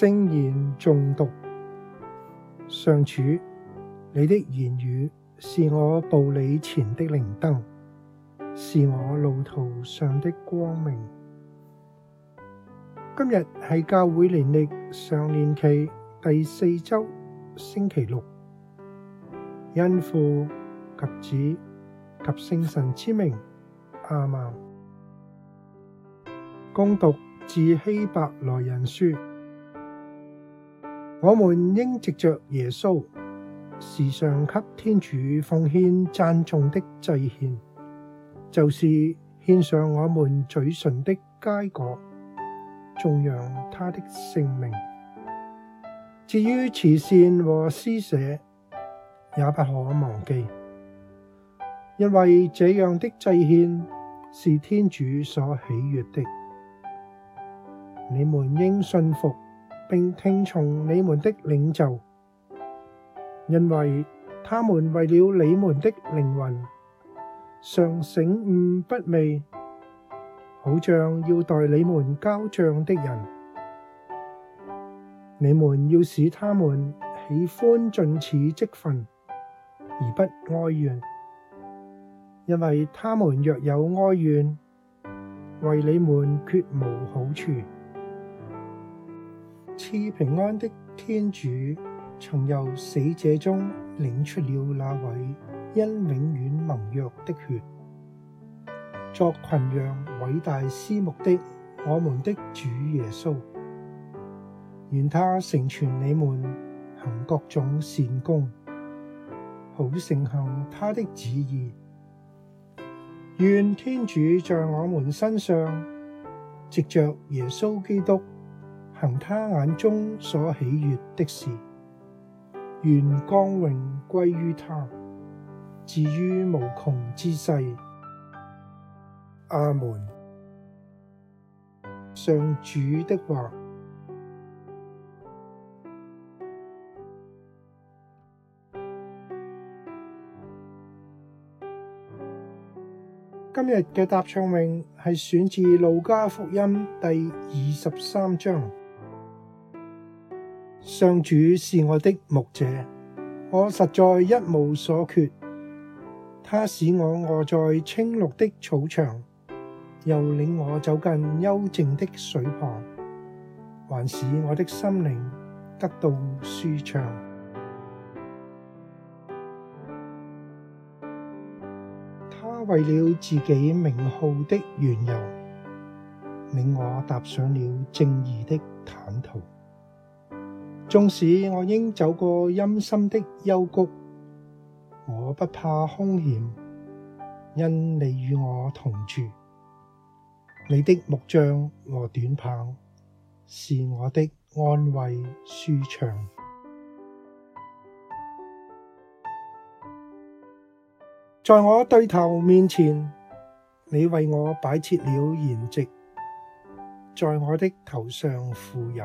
聖言誦讀，上主，你的言語是我步履前的靈燈，是我路途上的光明。今日係教會年曆上常年期第四周星期六，因父及子及聖神之名阿們。恭讀致希伯來人書。我們應藉着耶穌時常給天主奉獻讚頌的祭獻，就是獻上我們嘴唇的佳果，頌揚他的聖名。至於慈善和施捨，也不可忘記，因為這樣的祭獻是天主所喜悅的。你們應信服。並聽從你們的領袖，因為他們為了你們的靈魂，常醒寤不寐，好像要代你們交賬的人。你們要使他們喜歡盡此職份，而不哀怨，因為他們若有哀怨，為你們決無好處。賜平安的天主，曾由死者中領出了那位因永遠盟約的血，作群羊偉大司牧的我們的主耶穌，願他成全你們行各種善工，好承行他的旨意。願天主在我們身上藉着耶穌基督。行他眼中所喜悅的事，願光榮歸於他，至於無窮之世。阿門。上主的話，今日嘅答唱詠係選自路加福音第二十三章。上主是我的牧者，我實在一無所缺。他使我臥在青綠的草場，又領我走近幽靜的水旁，還使我的心靈得到舒暢。他為了自己名號的原由，領我踏上了正義的坦途。縱使我應走過陰森的幽谷，我不怕凶險，因你與我同住。你的牧杖和短棒，是我的安慰舒暢。在我對頭面前，你為我擺設了筵席，在我的頭上傅油。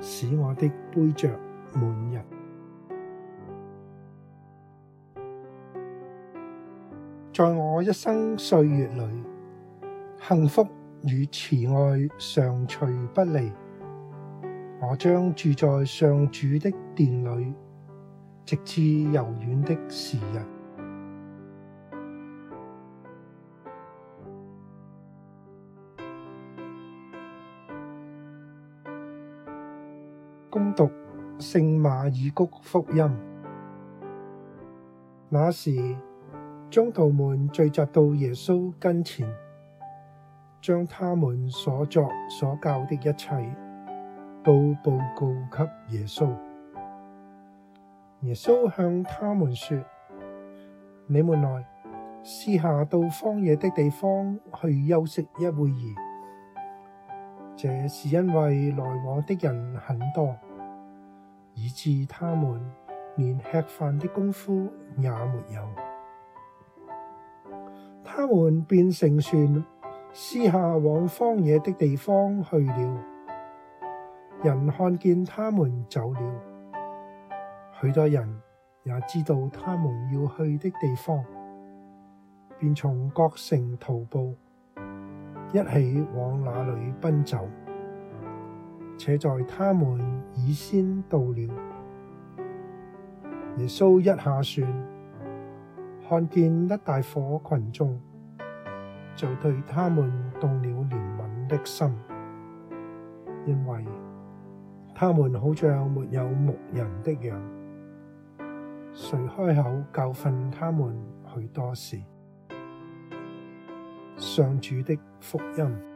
使我的杯爵滿溢，在我一生歲月裏，幸福與慈愛常隨不離。我將住在上主的殿裏，直至悠遠的時日。聖馬爾谷福音。那時，宗徒們聚集到耶穌跟前，將他們所作所教的一切，都報告給耶穌。耶穌向他們說，你們來，私下到荒野的地方去休息一會兒。這是因為來往的人很多，以致他們連吃飯的工夫也沒有，他們便乘船私下往荒野的地方去了。人看見他們走了，許多人也知道他們要去的地方，便從各城徒步，一起往那裏奔走。且在他們以先到了，耶穌一下船，看見一大夥群眾，就對他們動了憐憫的心，因為他們好像沒有牧人的羊，遂開口教訓他們許多事，上主的福音。